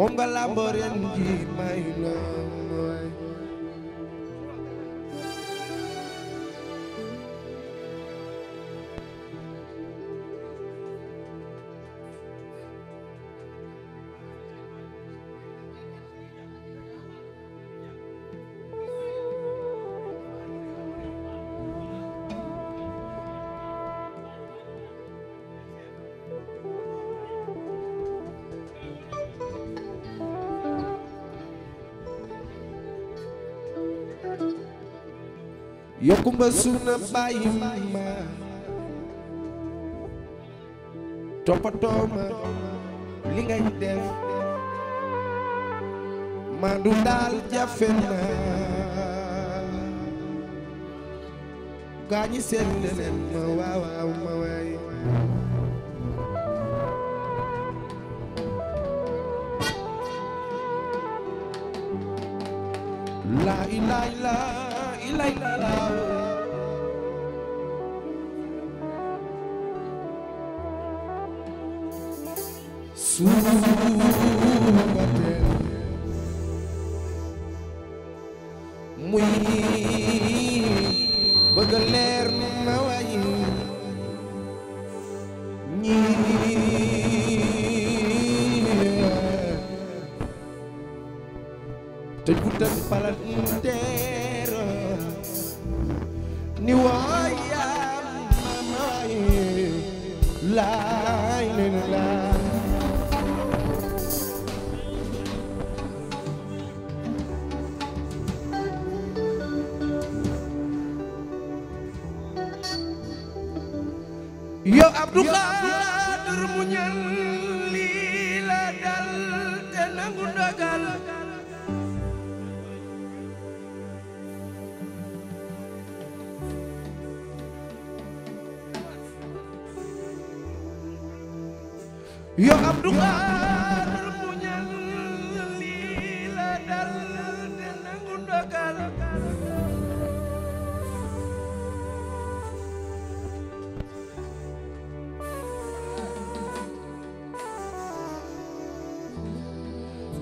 moom nga làmboo ren ji may la kumba suuna bàyyi ma toppatoo ma li ngay def ma du daal jafe na gaañi ma waaw ma waay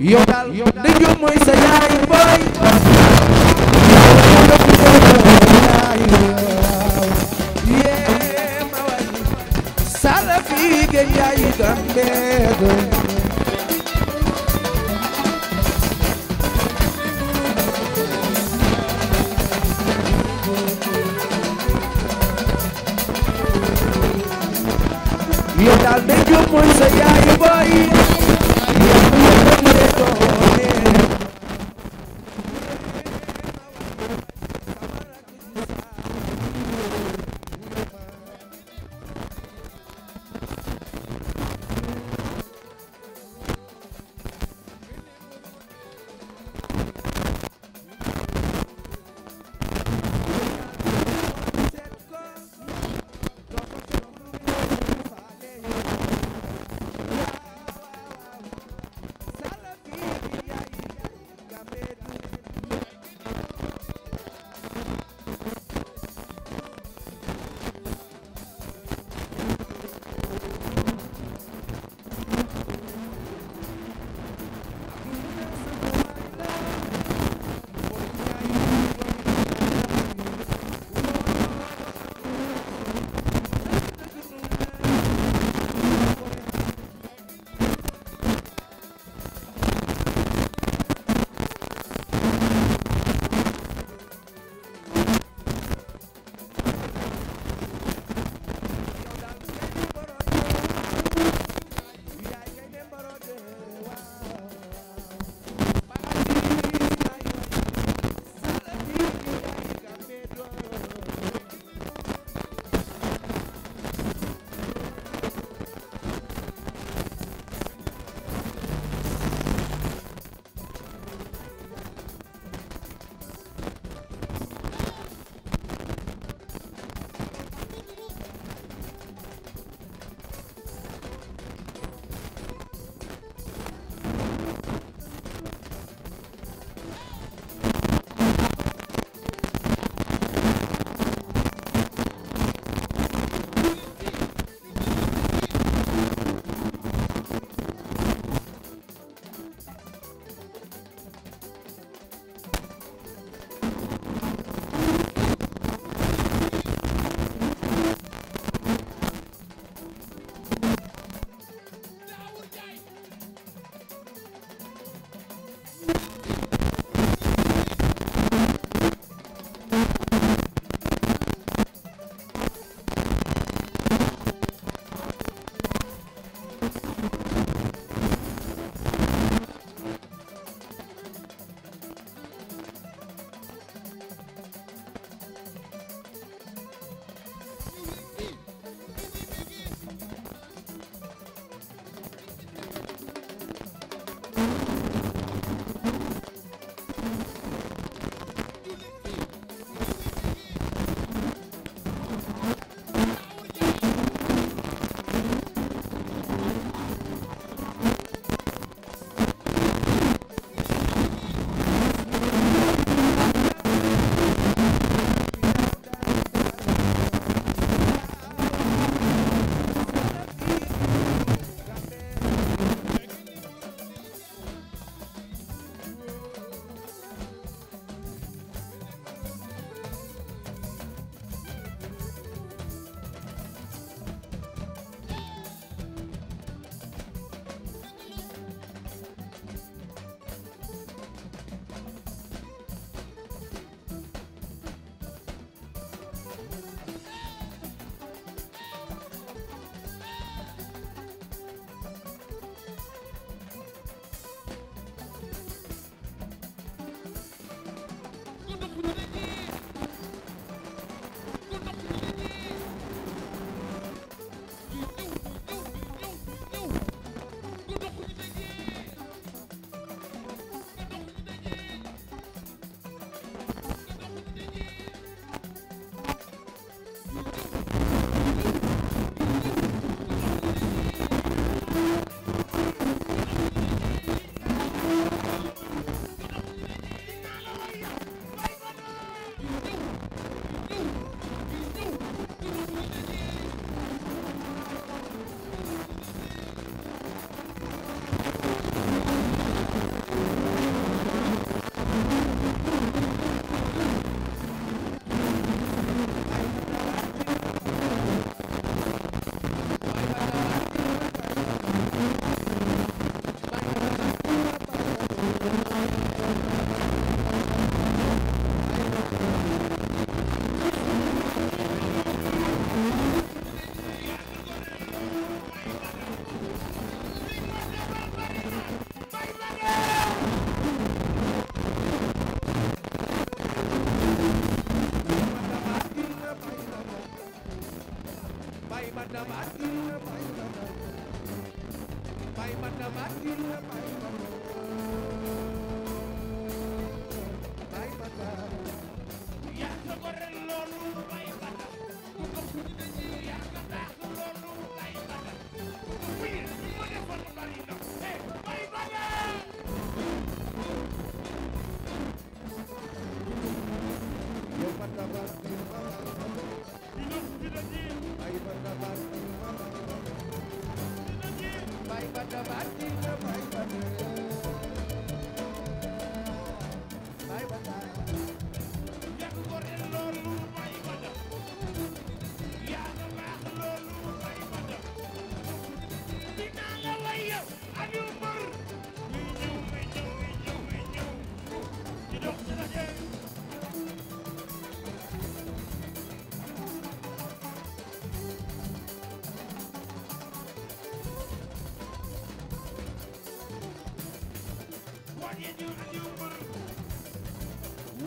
yow daal dañoo mooy sa yaay booy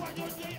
waajoo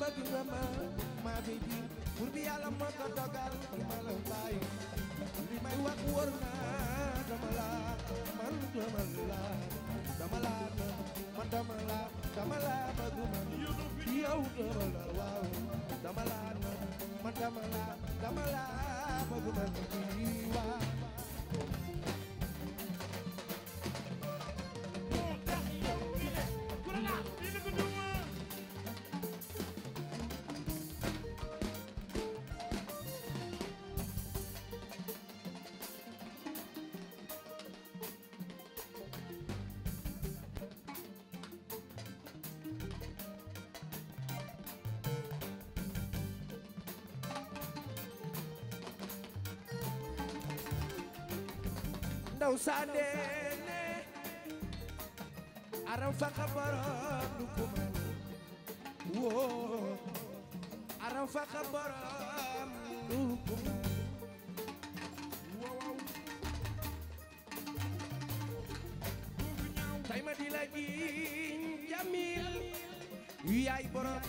bëgg nga ma maa ngi ji buur bi yàlla moo ko daw saandeene fa xabaram du woo araw fa xabaram du woo tay ma jiiñ jamil yaay borom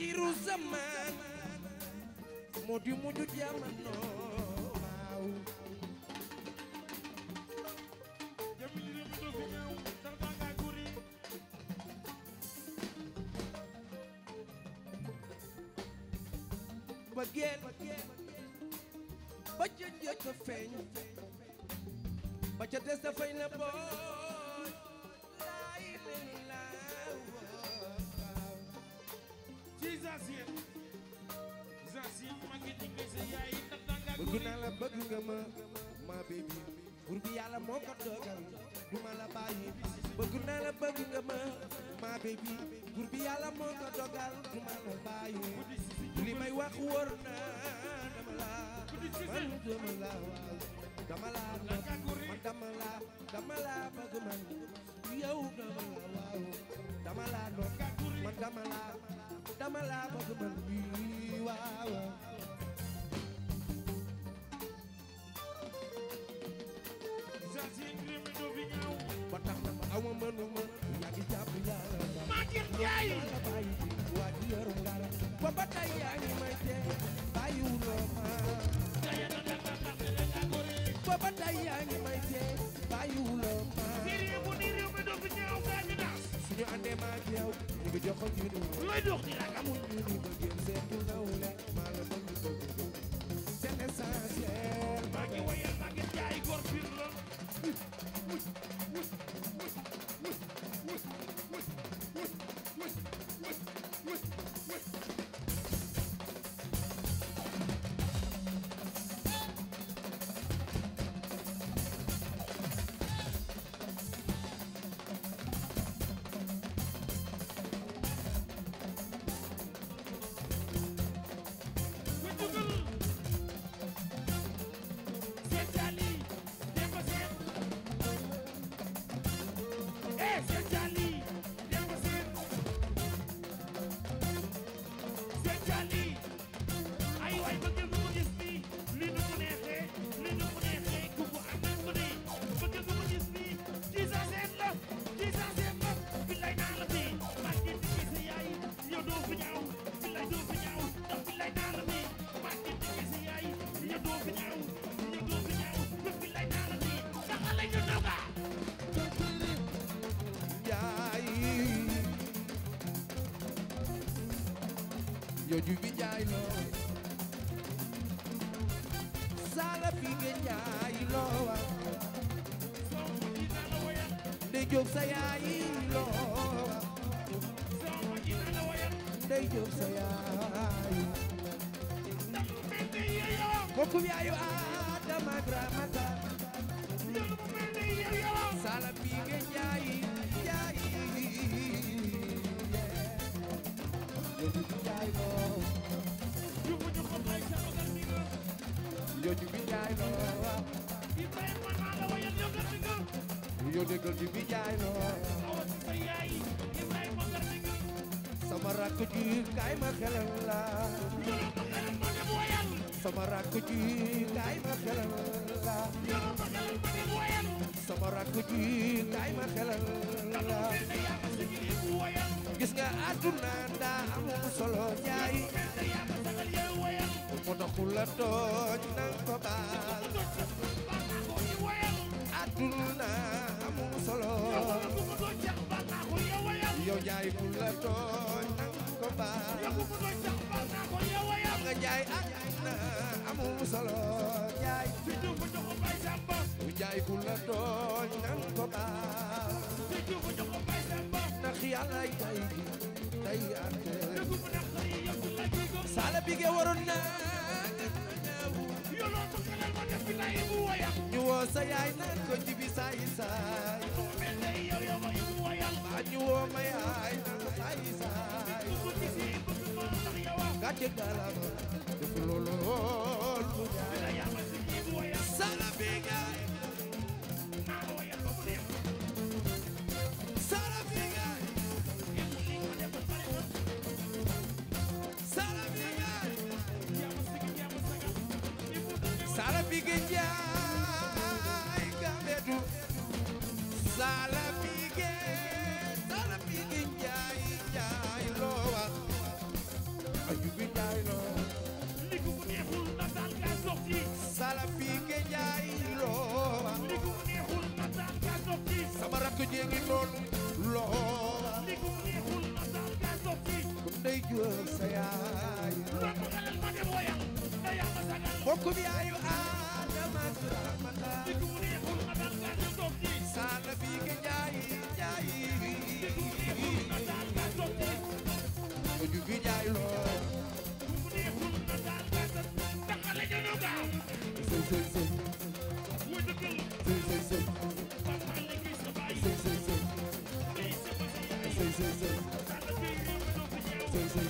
axiru zaman moo di mujj jamono waaw bëggeel ba ca njëkk feeñ ba ca des dafay na bool dama laa doon man dama laa dama laa bëgg man bii waaw ba tax na ma aw ma mënu ma yaa ngi jàpp yàlla ba Maguette Ndiaye bàyyi waa di yor ngara ba ba tey yaa ngi may tee bàyyiwuloo ma looy dox di rek amul jooju bi jaay loo saala bi nga jaay loo wa ndey sa yaay loo wa ndey jóg sa yaay kooku yaayu Adama ak Ramata saala bi nga jaay jaay Njaay lo Di bay ma na la wayal yo gar mi nga Yo déggal Jibi sa yaay Ibrahima gar ma xelal la ma xelal ma dem wayal Sama rakk ji kaay ma xelal la ma xelal ma dem wayal Sama rakk ji kaay ma xelal la Sama rakk ji kaay ma gis nga àdduna daa am solo jaay moo tax ku la tooñ ko baal àdduna ku la tooñ ko baal yàlla tay gi tay ante sala bige waroon na ñu woo sa yaay naan ko jibi saay saay ba ñu woo ma yaay naan saay saay gàcce galama def loolu lool sala bige Bige Njaay Gambedu Sala Bige Sala Bige Njaay Njaay loo wax li ko neexul na dal ka nokki Sala Bige Njaay loo li ko neexul na dal ka nokki sama rakk jee ngi noonu loo wax li ko neexul na dal ka yaayu aay Sous-titrage Société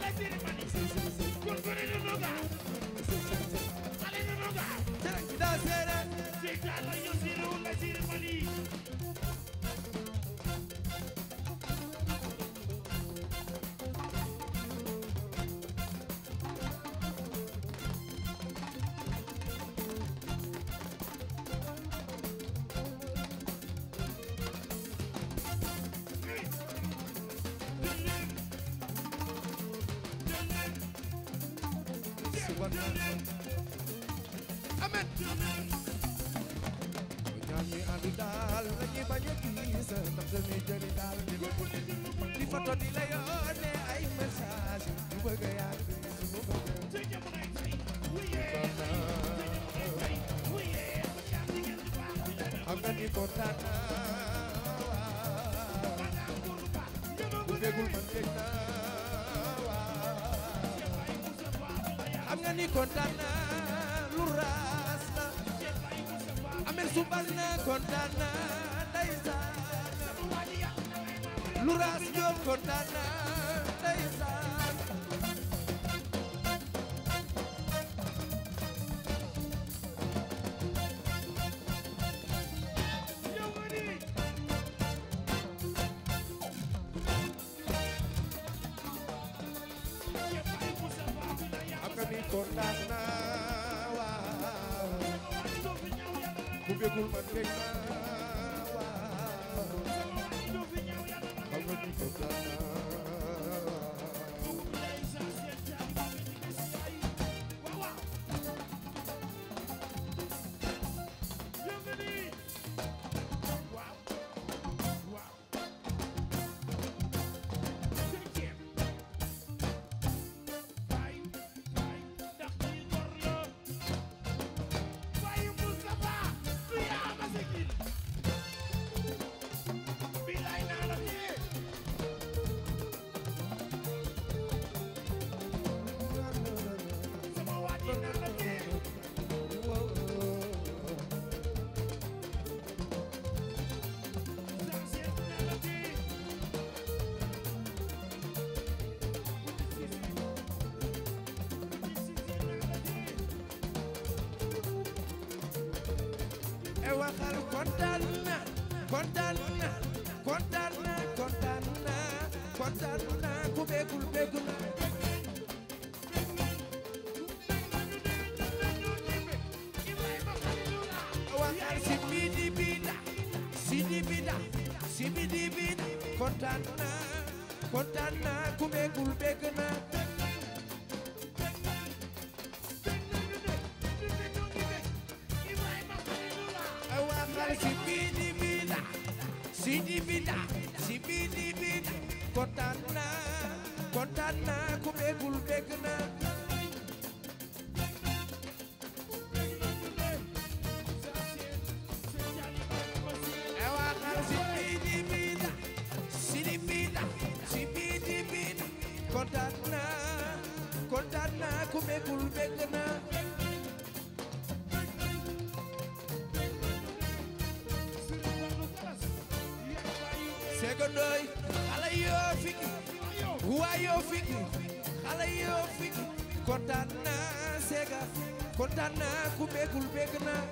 Radio-Canada amen ñaan mi ànd daal la ñuy bañ a gis ndax dañuy jëri daal di photo di la yónnee ay message bu bëgg yaa bu bëgg am nga ni kontaan kontaan lu raas la amel subal na kontaan na lu raas Jóob bul ma dégg waxal kontaan na kontaan na kontaan na kontaan na kontaan na ku kontaan naa Sega kontaan naa ku beegul beeg naa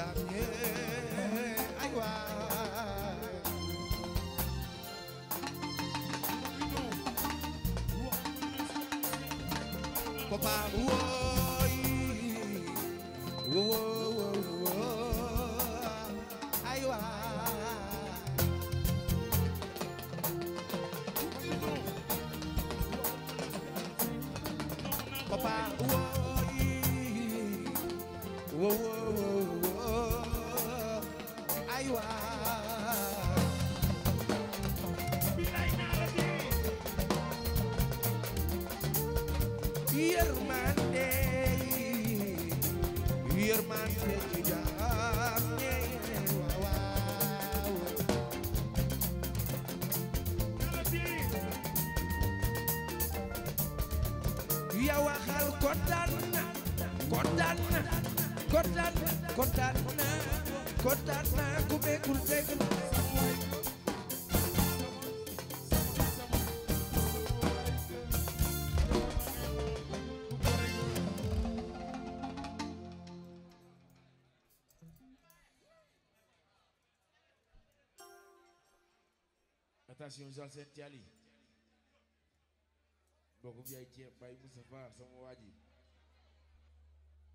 jaam ñe ay waay Papa ya waxal kontaan na kontaan na kontaan na kontaan na na ku beegul dégg attention mbokkum yaay ceeb Baye Moustapha sama waa ji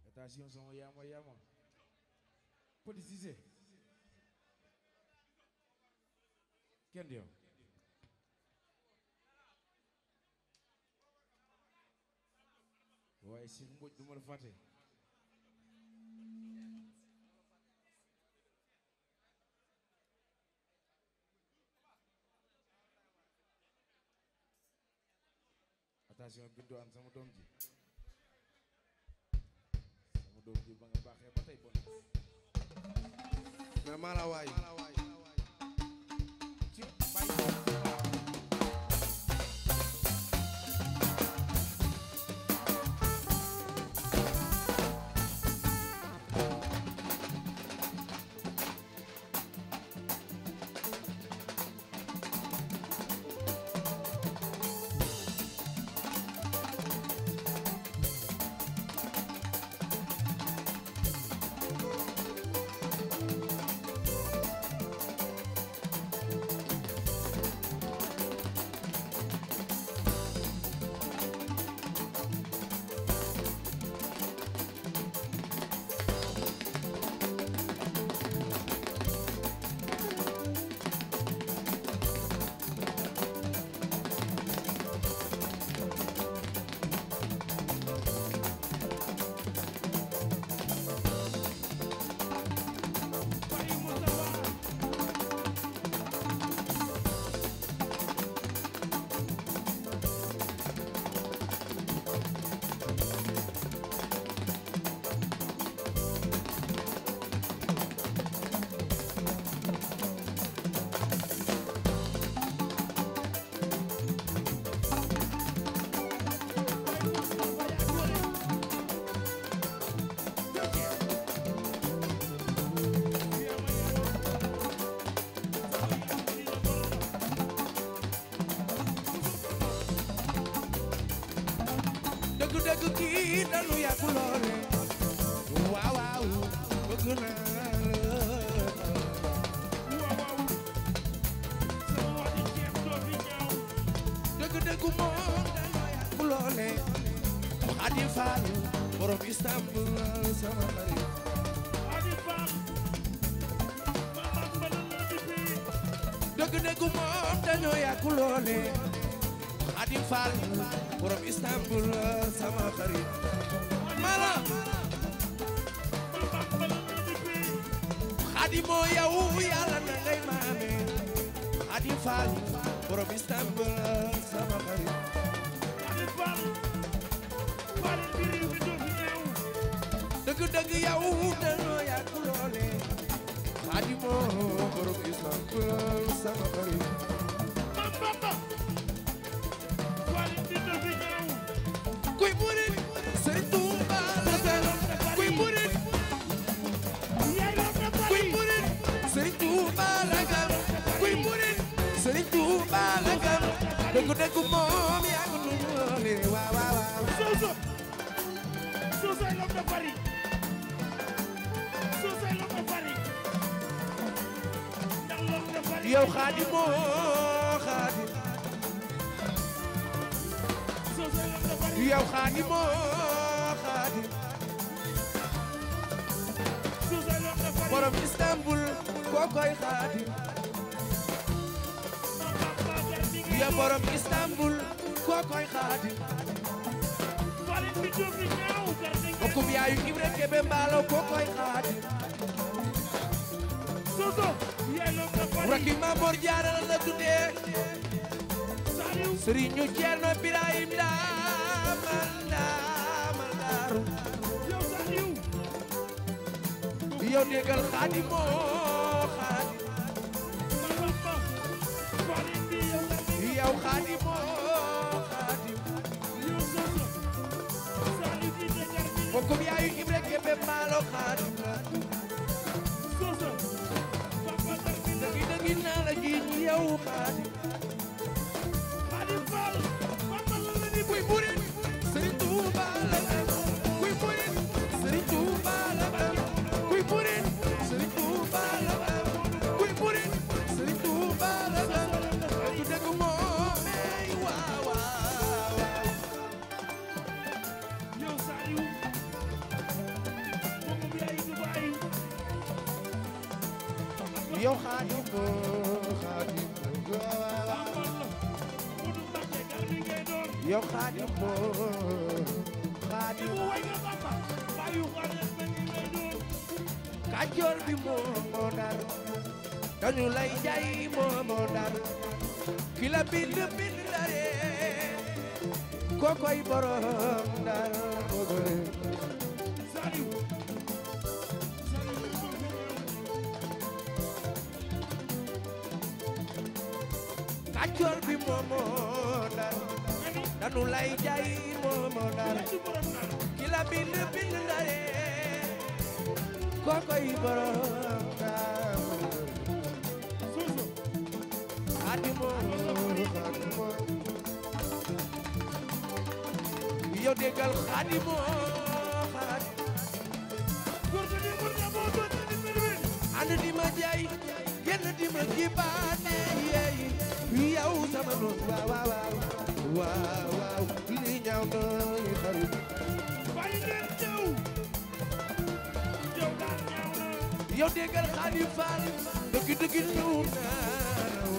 attention sama yaama yaama Petit Cissé kenn yow waaye Cheikh Mbodj du ma la fàtte attention Bintu An sama doom ji sama doom ji ba nga baaxee ba tey bon mais maa la waay ci bay lii dañu yàggu loole waaw waaw bëgg naa dëgg moom dañoo yàgg loole Xadi Faal borom Istanbul sama mari Xadi Faal dëgg dëgg moom dañoo yàgg loole Xadi Faal borom Istanbul sama xarit mala xadimo yow yàlla na ngay maame xadi faal borom Istanbul sama xarit dëgg dëgg yow danoo yàgg loole xadimo borom Istanbul sama xarit xaadimoo oh, xaadim yow xaadimoo oh, xaadim borom Istanbul kookoy xaadim yow borom Istanbul kookoy xaadim okum yaayu Ibra Kebe mbaalo kookoy xaadim rakki Mamor Jaara la la tuddee Serigne Cerno Birahim Ndaamal Ndaamal Daaru yow déggal xaadimoo xaadim yow xaadimoo xaadim bokkum yaayu Ibra Kebe maalo xaadim yow maa di yow xaadim bi moo moo dar lay jaay moo moo dar ki la bind bind dare kokoy borom dar bi moo moo kanu lay jaay moo moo nar ki la bind bind ndare kookoy borom ndar suusu adimo adimo yow déggal adimo ànd di ma jaay génn di ma gibaane samay xarit bàyyi leen ñëw yow na yow déggal xaali faal dëgg dëgg ñëw naanaw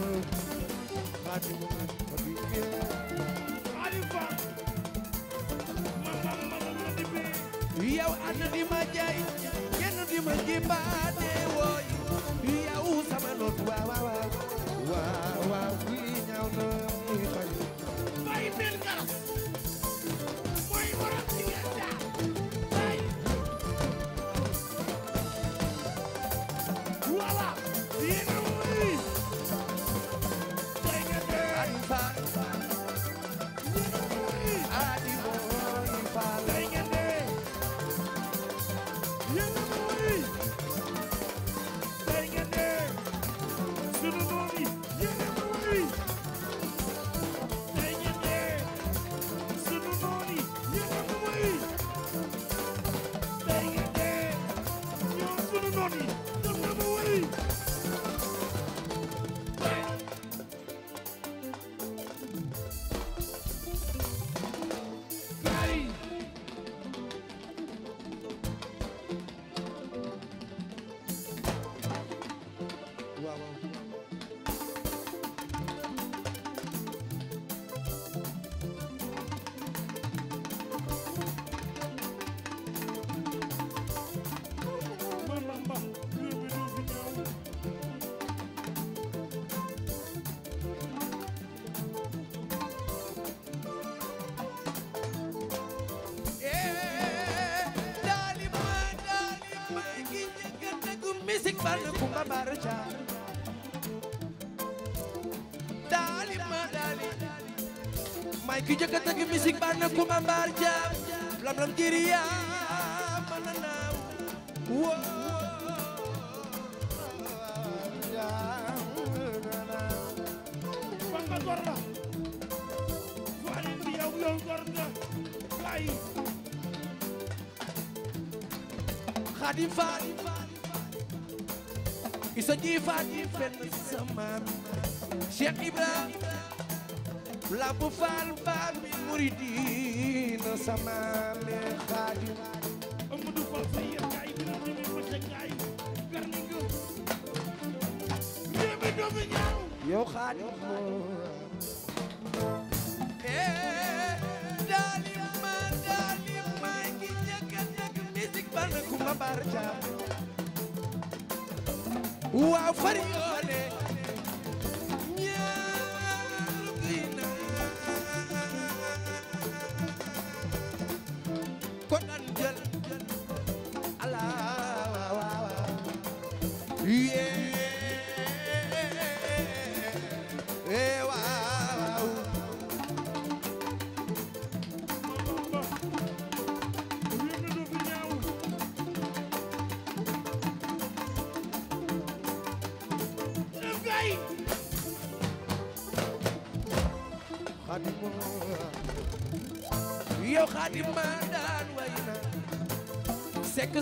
xaati moom ma di gee xaali faal ma ma ma ma di bi yow ànd di ma jaay kenn di ma jibaane wooy yow sama noot waaw waaw waaw waaw lii ñaaw na muy xarit bàyyi leen garas marcha daali ma daali may ki jëkk a tëgg musique baa na kuma mbaar jaam lam lam kiriyaa Cheikh Ibra la bu faal faal bi muridina sama me Xaadim Amadou Fall fayer gaay dina ñu ko te gaay garni ñu ñebe do bi ñaaw yow Xaadim eh dalim ma dalim ma ngi ñëk ñëk musique ban kuma barja waaw fari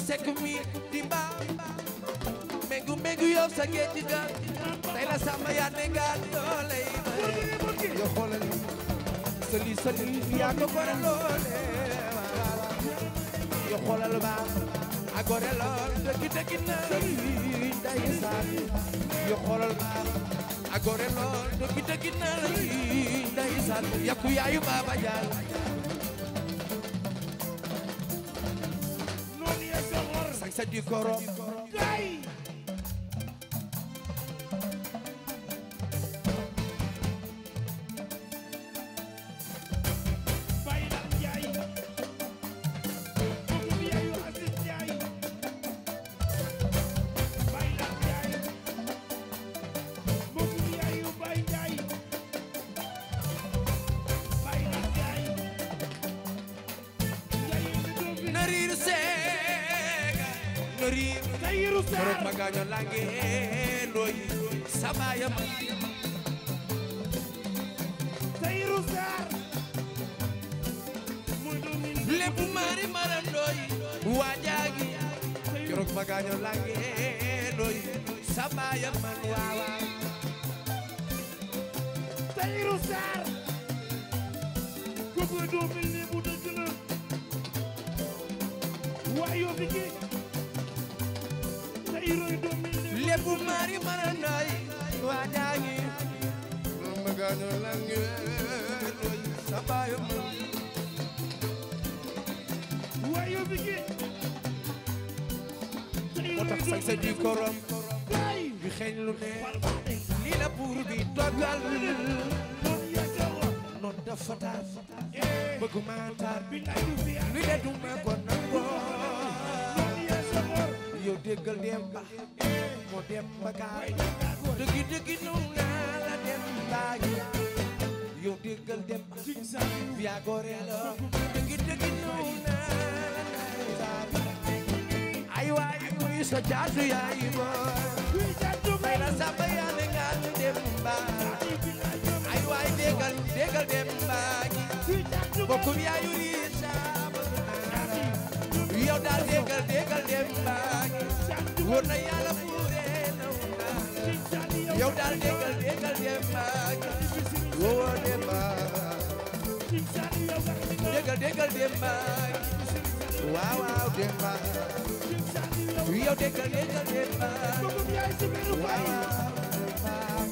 sekk sekk mi di mbaam mengu mengu yow sa géej gi gaal tey la sàmm yaa ne gaal yoo lay bëri yoo xoolal sëli sëli yaa ko gore loole yoo xoolal ba a gore lool dëgg dëgg na sëli day saan yoo xoolal ba a gore lool dëgg dëgg na sëli day saan yàqu yaayu baaba jaal sa di korom Nourou Sarr lépp mari marandooy waajaagi keroog ma gaañoo langeenooy sabaaya man waawaa Tahirou Sarr kooku doo mel ni bu dëgg la waa yoo fi ki Tahirou doo mel ni lépp mari marandooy waajaagi moo tax lu ne lii la buur bi dogal noon dafa taar bëgg maa taar lu ne du ma ko nangoo yow déggal dem ba moo dem ba dëggi dëggi noonu baañu yow déggal dem via Gorelo dëgg dëgg ñëw na ay waay kuy sa jaatu yaay boy tay la samba yaa ne nga ñu ay waay déggal déggal dem baañu bokkum daal déggal déggal dem baañu wóor na yàlla buure naw naa yow daal déggal déggal demba woo demba déggal déggal demba waaw waaw demba yow déggal déggal demba waaw waaw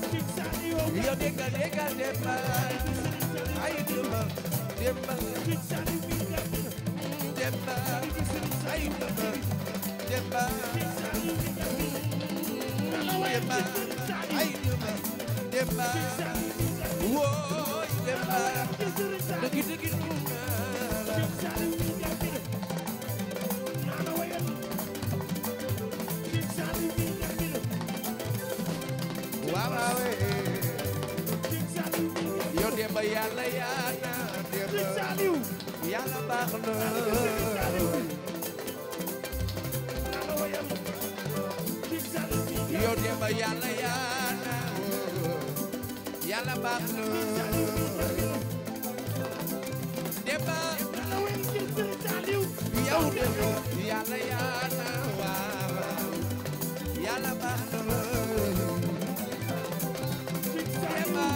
yow déggal déggal demba ay demba demba demba ay demba demba demba ay demba demba wooy demba dëgg dëgg duna demba yàlla yaana demba yàlla baax na yow demba yàlla yàlla baax na démba yow de yàlla yaa na waaw yàlla baax na démba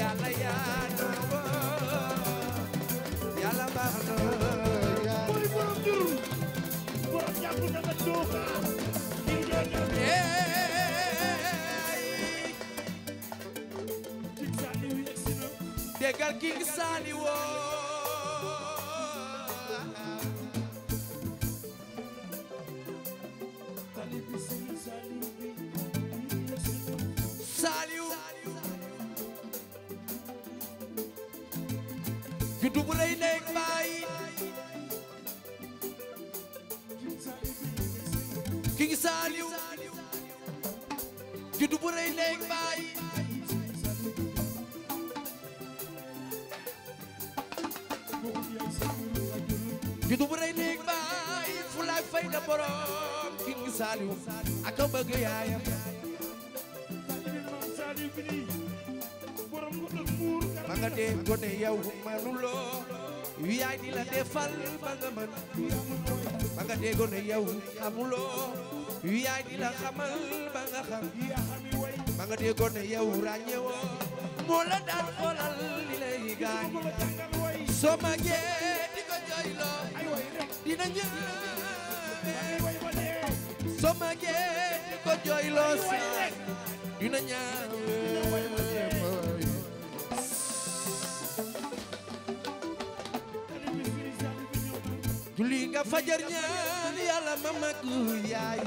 yàlla yaa na waaw yàlla baax na Senegal King Sani fal ba nga mën ba nga déggoon yow xamuloo yaay di la xamal ba nga xam ba nga déggoon yow ràññewoo moo la daan xoolal li lay gaañ soo màggee di ko jooyloo dina ñëwee soo màggee di ko jooyloo sax dina ñëwee nga fajar ñaan yàlla ma mag yaay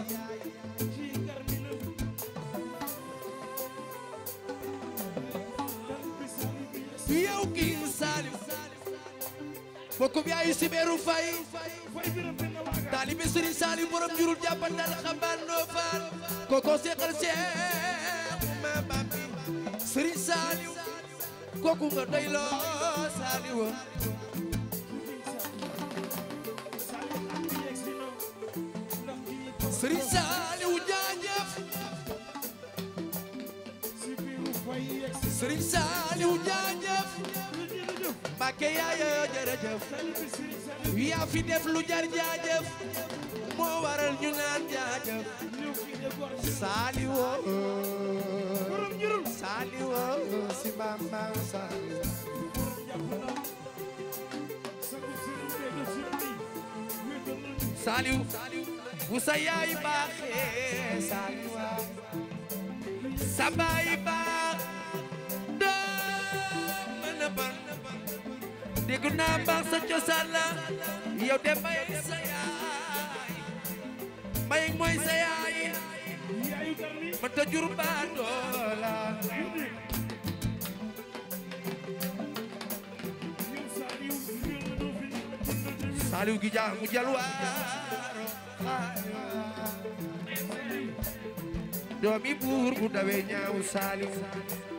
yow king Salim bokkub yaayu sibeeru fay taalibe Serigne Salim borom jurul jàppandal xambaan noo faal kooko seexal seex ma bambi Serigne Salim kooku nga doyloo Salim Serigne Saliou jaajëf Serigne Saliou jaajëf Mbàkke yaayo jërëjëf yaa fi def lu jar jaajëf moo waral ñu naan jaajëf Saliou Saliou si bamba Saliou Saliou fu sa yaay baaxee saali waay sa baay baax doo mën a ban dégg baax sa cosaan yow de may sa yaay may mooy sa ma ta jur doola Saliou Guidiakhou mu jël waay doomi buur bu dawe ñaaw saalim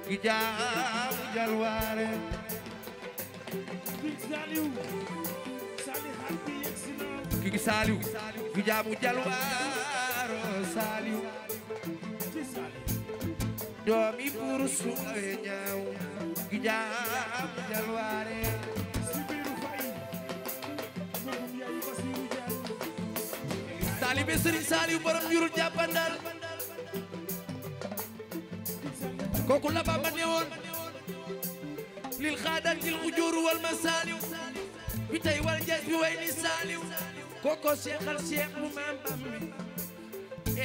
gi jaamu jalwaare gi saaliw gi jaamu jalwaaro saaliw doomi buur su dawe ñaaw gi jaamu jalwaare taalibe Serigne Saliou borom njurul jàppandal kooku la baba ne woon lil xaadan jil ujuur wal masaaliw bi tey wal jas bi way ni saaliw koko seexal seex mu maam bam mi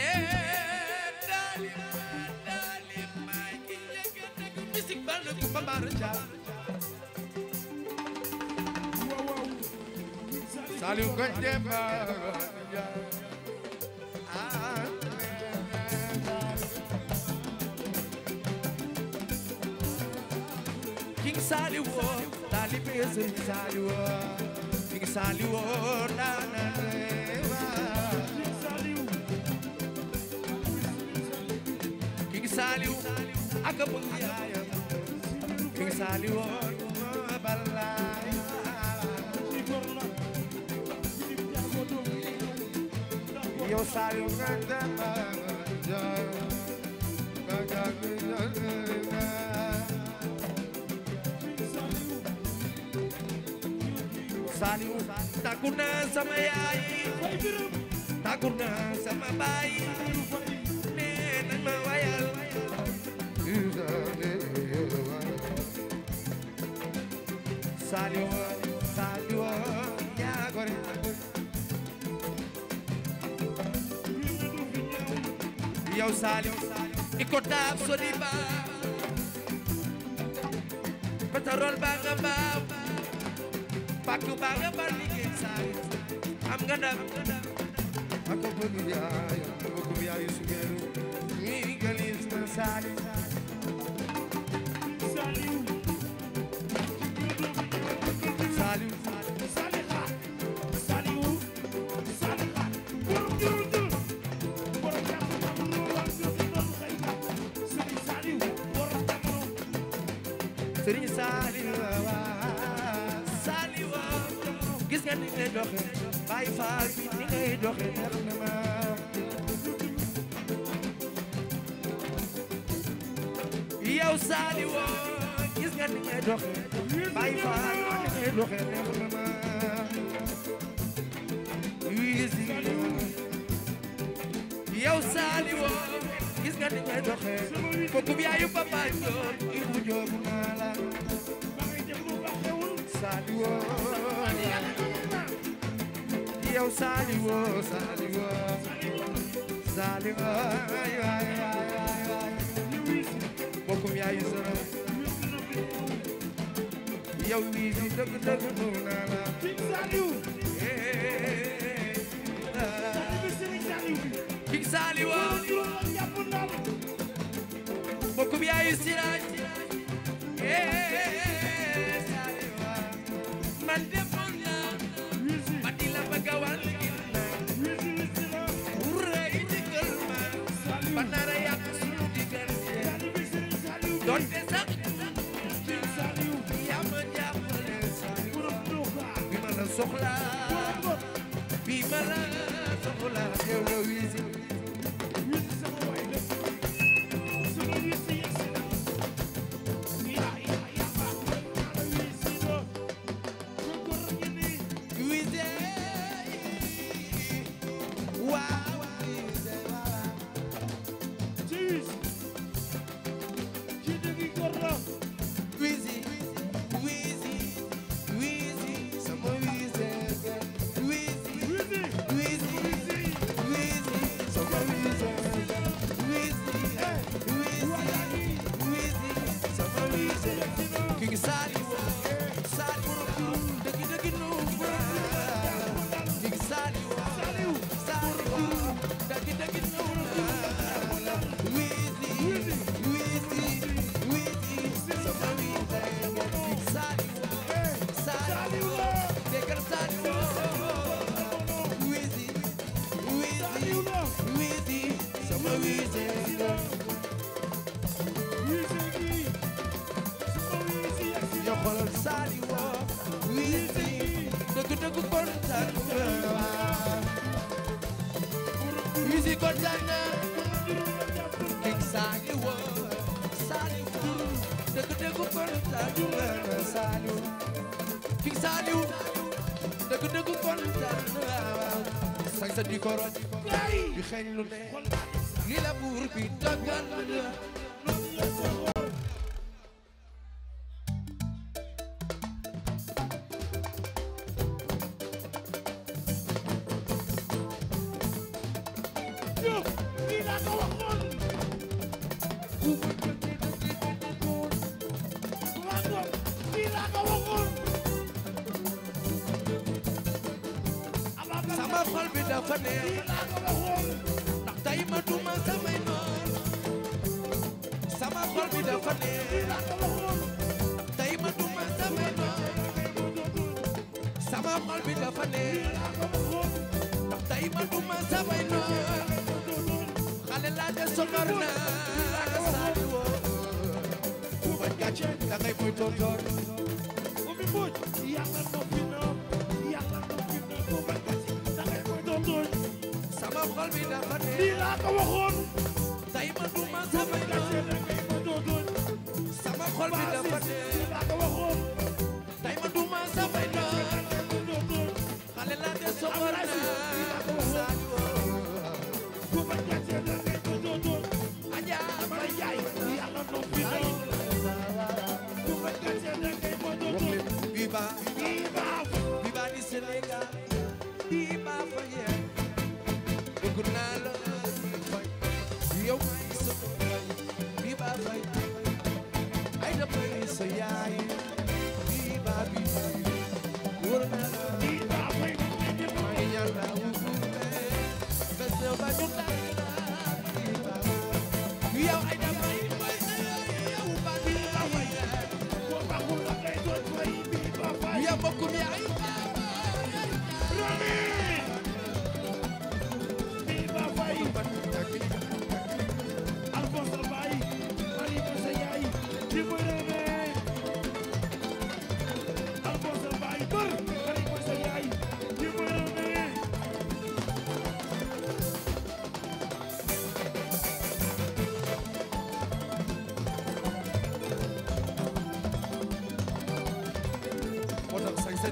ee eh, eh, daalim eh, daalim maa ngi njëkk a dëgg misik bal na kumba mbaara jaam saaliw ko jee King Saliou taalibe Sëriñ Saliou King Saliou King Saliou ak bëgg yaayam King Saliou balay yow Saliou nga dem Saliou tàggu naa sama yaay tàggu naa sama baay nee nañ ma wayal Saliou Saliou yaa gore yow Saliou i ko taab soli ba pétrole ba nga mbaam Fatou Ba nga bal liggéey saa yi am nga ndam ak bëgg yaayu bëgg yaayu sugeeru mi galis na saa yi ne doxe bàyyi faal bi ni ngay doxe neex na ma yow saali woo gis nga ni ngay doxe bàyyi faal ni ngay doxe neex na ma wiisi yow saali woo gis nga ni ngay doxe ko gub yaayu papa joo Saliwo, Saliwo, Saliwo, ay ay ay ay. Bokkum yaay sara. Yow lii di dëgg dëgg ñëw naa la. King Saliw. King Saliw. Bokkum yaay siraaj. Man defoon naa. Ba di la bëgg a wàll. soxla xeeñ lu ne li la buur bi dagal la Come here. xol bi ma du xale laa de sonor naa saali woo ku bañ gàcce da ngay muy tontoor umi mbuuj yàlla noppi na yàlla noppi na ku bañ gàcce da ngay muy sama xol bi dafa leer lii laa ko waxoon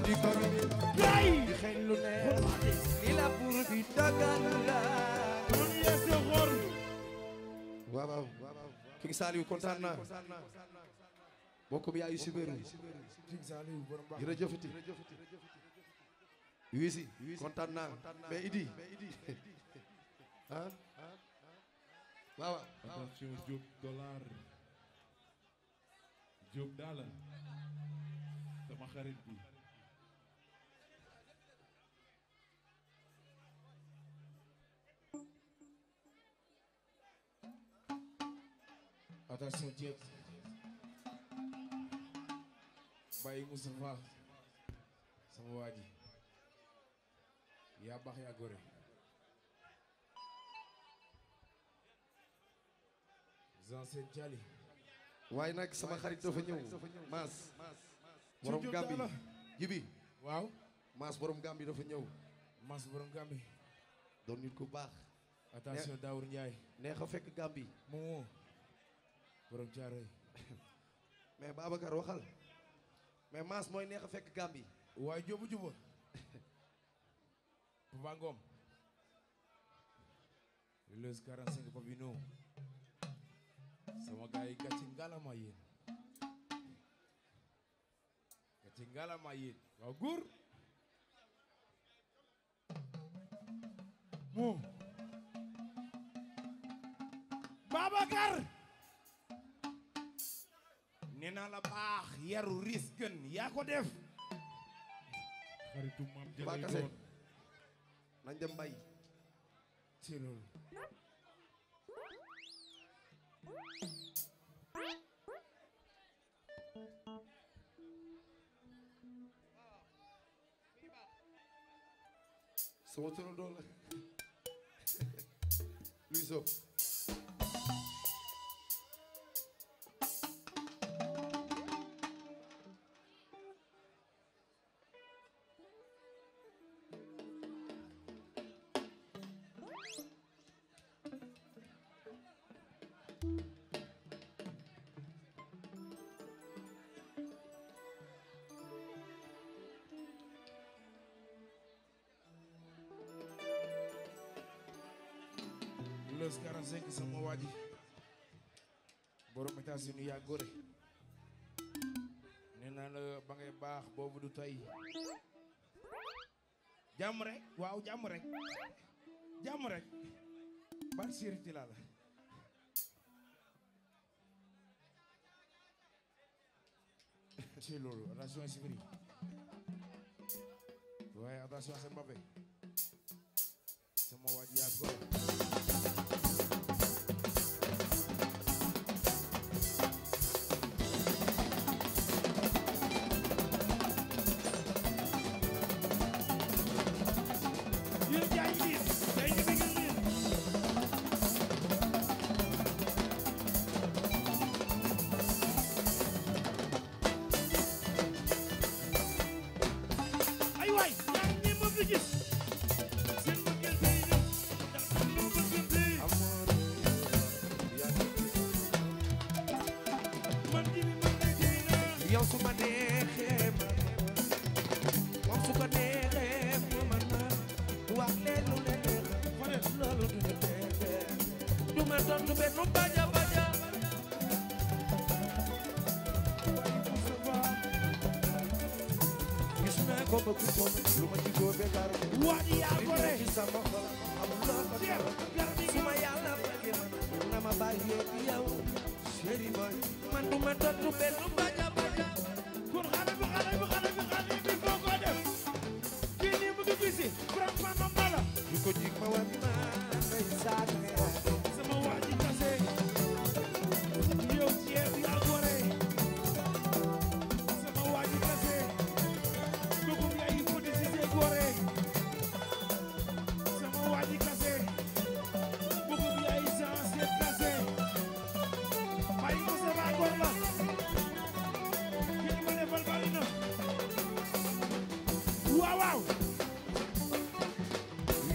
te di goro lay di xeeñ li la buur bi dagal la mun yee si xor King Saliou kontaan naa bokk bi yaayu sibeeru jërëjëfati wiisi kontaan naa mais Idi ah waaw attention Diop dollar Diop attention Diep Baye Moustapha sama waaye nag sama xarit dafa ñëw maas borom Gambi jibi waaw maas borom Gambi dafa ñëw maas borom Gambi doon nit ku baax attention Daour neex a fekk Gambi borom caaray mais Babacar waxal mais maas mooy neex a fekk Gambie waaye jóobu juba Papa Ngom leuse 45 Papino sama gars yi gàcci ngalama yéen gàcci ngalama yéen waaw góor moom Babacar nee la baax yaru ris gën yaa ko def xaritu maam jëlay nañ dem ci loolu sama luy sopp bés 45 sama waa ji borom yaa góore nee naa la ba baax boobu du tay jàmm rek waaw jàmm rek jàmm rek bar siriti la la ci loolu attention waaye attention c'est Mbappé mauaji ya Goma.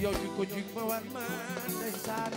yow jikko jik ma war ma ndeysaan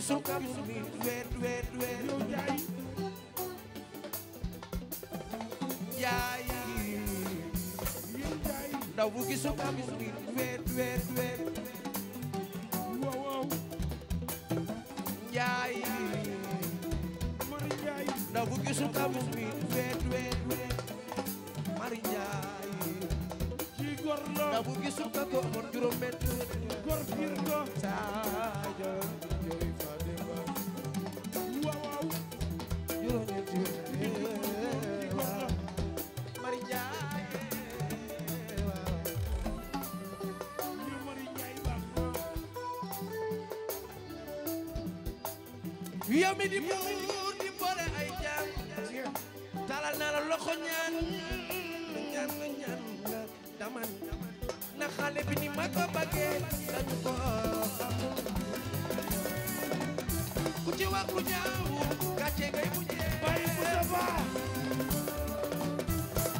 Youssou yow di buur di boole ay jaam talal naa la loxo ñaan ñaan ñaan dama na xale bi ni ma ko bëggee dañu ko ku ci wax lu ñaaw gàcce ngay mujjee bàyyi Moustapha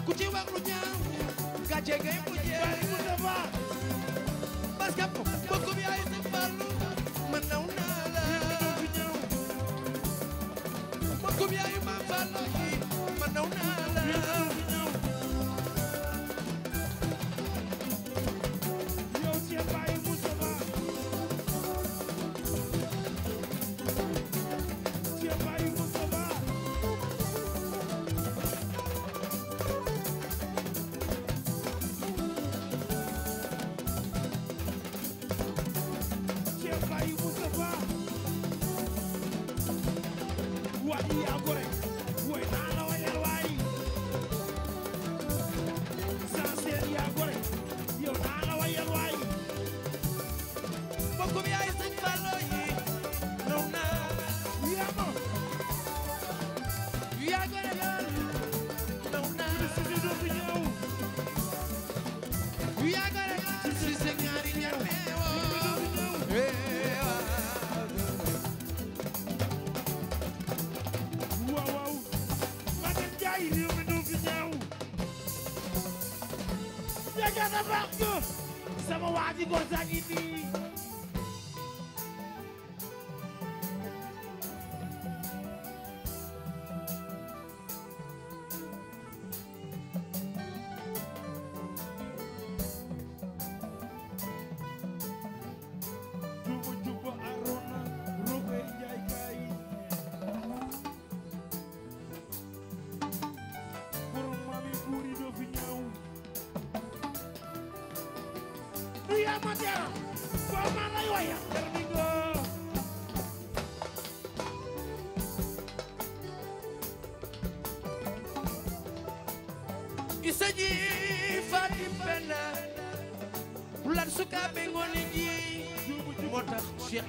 ku ci wax lu ñaaw gàcce ngay mujjee bàyyi Moustapha parce que mbokk bi ay sa yaayu maam Balla gi ma naw naa la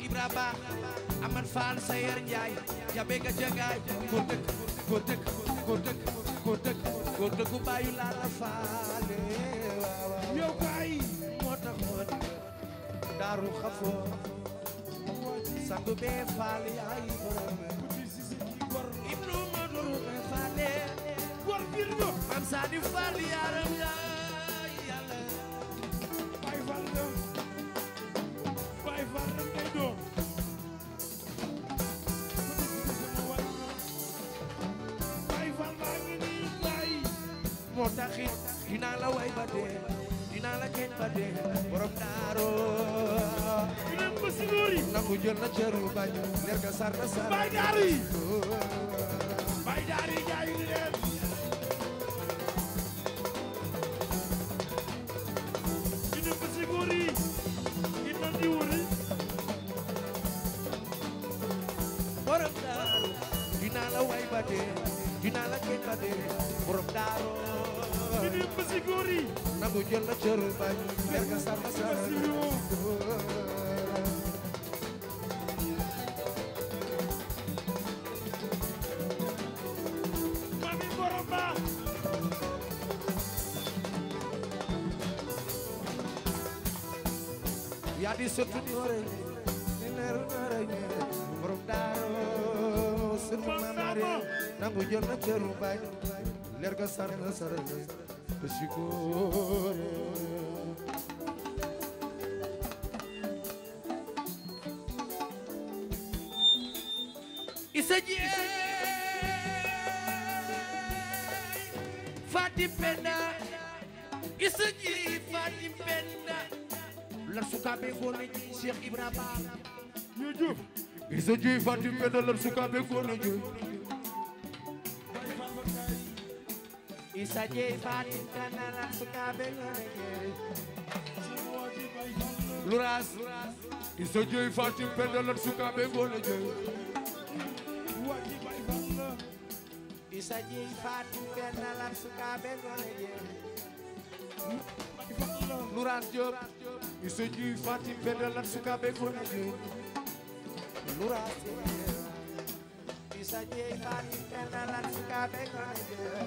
Ibra Ba Aman Fall Sayer Njaay Jabega Jagaay góor dëkk góor dëkk góor dëkk góor dëkk góor dëkku faale waaw yow baay moo tax ma daaru xafo sangu bee faal yaay borom ibnu ma doru be faale eh, góor birno man saa faal yaaram yaay yàlla bay faal bay faal day doo taxit dinaa la way ba dee dinaa la keñ ba dee borom daaro dinaa ko sinori nangu jël na cëru bañ di wuri la way ba dee dinaa la keñ ba dee borom daaro di nuyu bési góor yi. Nabou jël na cër bañ. Berga Samba Samba Mami borom baax. yaa di sëtu na cër bañ. leer ga sarna sarale te sikoore isa jeey faati penda isa jeey faati penda lar sukaabe goona jeey Cheikh Ibra Ba Isa J Fatim kanana suka bengonegere Luras Isa J Fatim kanana suka bengonegere Isa J Fatim kanana suka bengonegere Luras Diop Isa J Fatim kanana suka bengonegere Luras sajjey faani kena lan suka bekoon e jee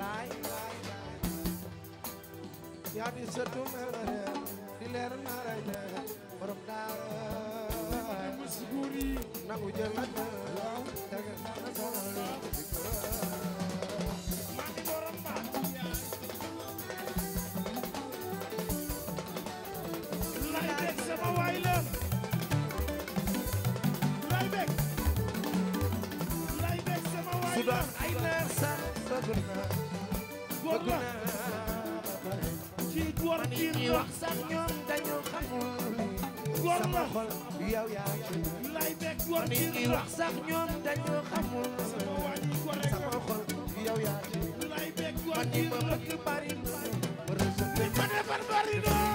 laay laay laay yaa di sëtu mërëre di leer mërëre jee borom daara musguri nangu jël la jee tege na soxla ba ay naar sax bëgg naa bëgg naa ci góor biir ñi wax sax ñoom dañoo xamul góor la xol yow yaa ci lay bekk góor biir ñi wax sax ñoom dañoo xamul sama xol yow yaa ci lay bekk góor biir ma bëgg bari ma defar bari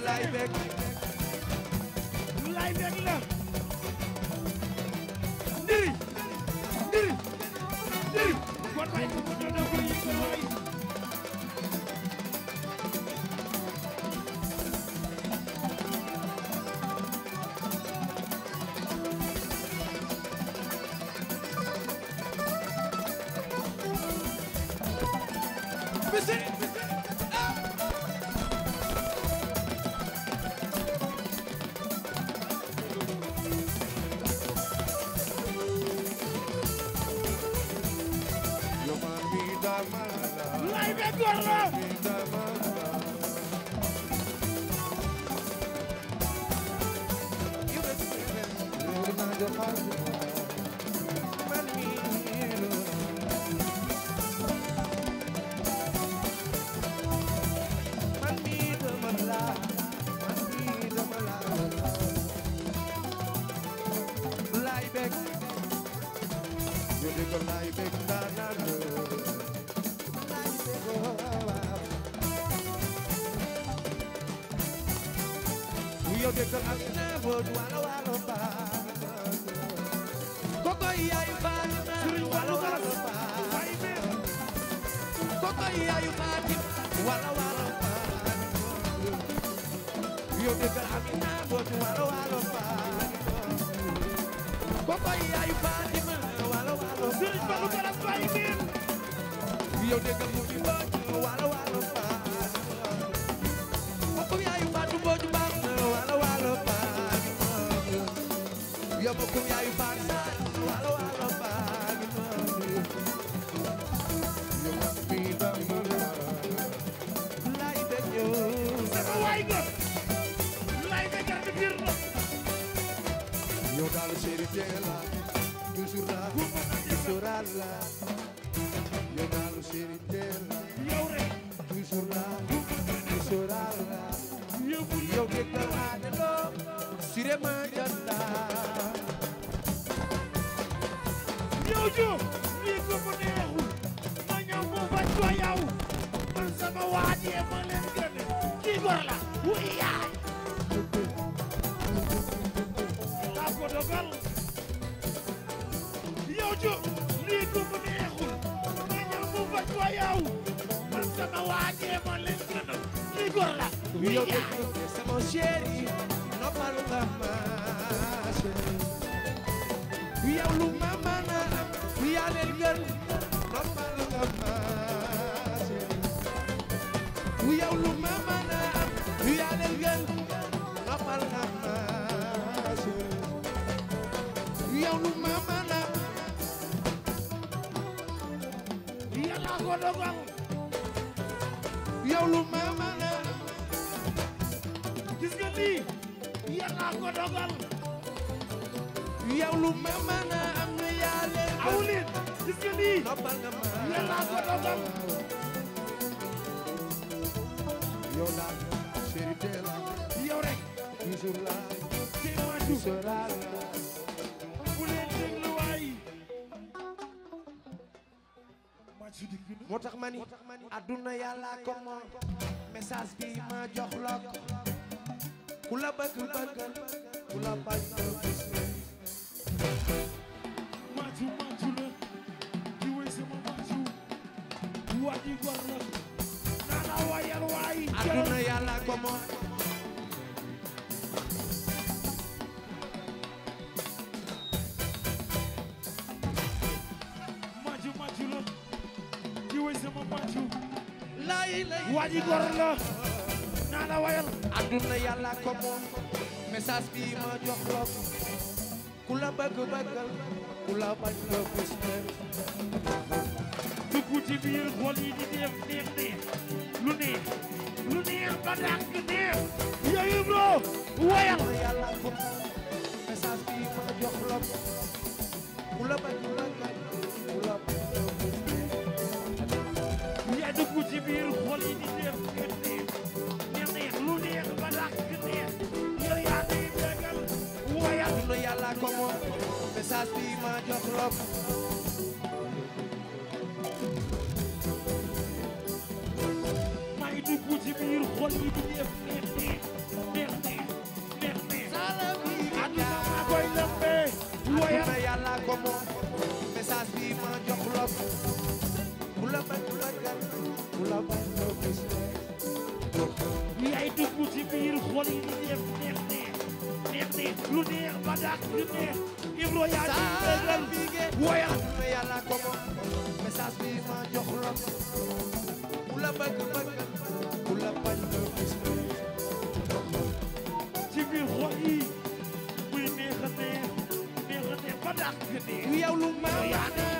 lay bég lay bég la ndiri ndiri ndiri Corre! yow lu ma mën a am aw nit gis nga nii yàlla la vérité la yow rek toujours la témoignage la bu leen déglu waay moo tax ma bi ma jox ku la bëgg bëggal ku la bañ bëgg Maju waji gor na nana wayal waay aduna yàlla ko moom maju maju la di way sama maju lay lay waji gor na nana wayal aduna yàlla ko moom message bi ma jox la ku la bëgg bëggal ku la bañ nga bés dugg ci biir xol yi di neex neex neex lu neex lu neex ba dànk neex yooyu bro woyal yàlla ko message bi ma jox la mu la bañ la gañ mu la ya dugg ci biir xol yi di neex neex neex neex neex lu neex ba dànk neex yooyu yaa day déggal woyal yàlla ko moom message bi ma jox la dugg ci biir xol bi di def neex neex neex neex neex aduna maa koy lëmbe aduna yàlla ko moom message bi ma jox la bu la bañ la gan bu la bañ la gis yaay dugg ci biir xol yi di def neex neex neex neex lu neex ba dàq lu neex Ibro yaa ci dëggal woyal aduna yàlla ko moom message bi ma jox la bëgg bëgg ku la bañ doo gis ci biir xol yi muy neex a neex neex a neex ba dàq neex lu ma yaa neex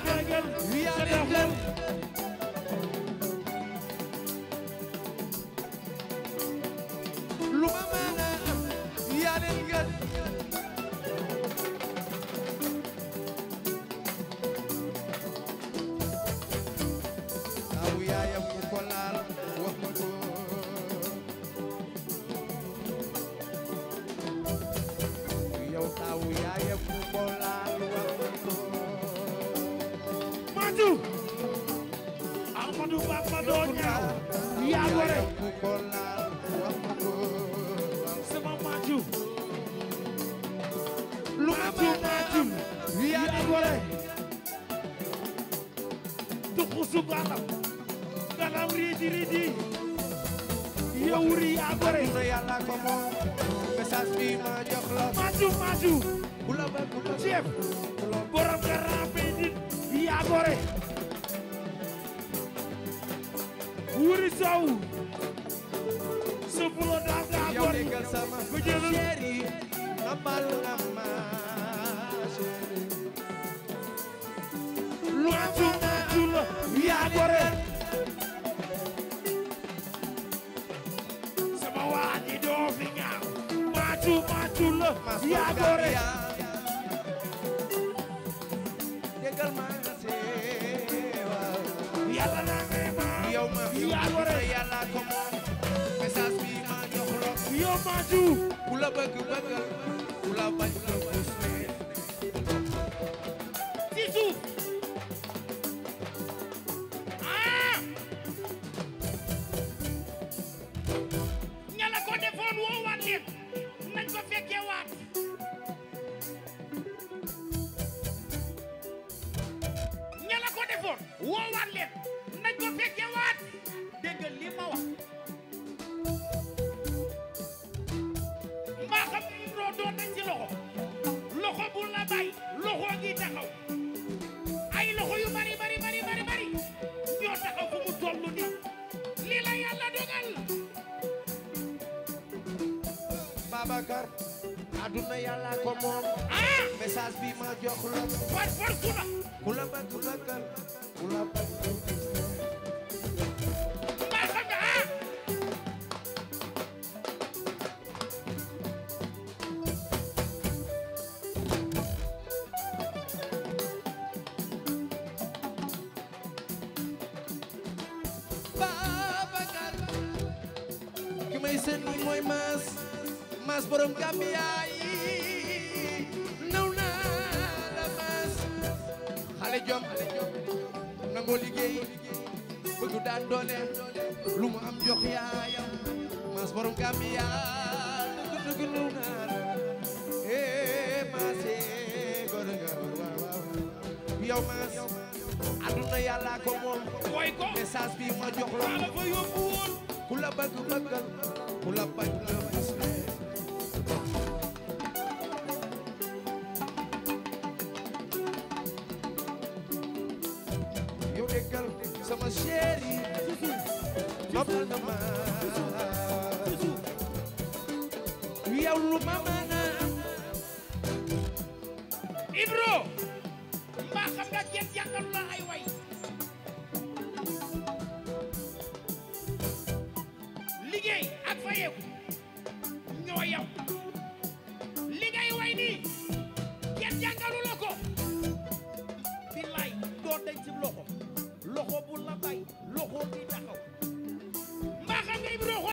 message bi ma jox la. war war ku la. ku la bëgg la kan ku la.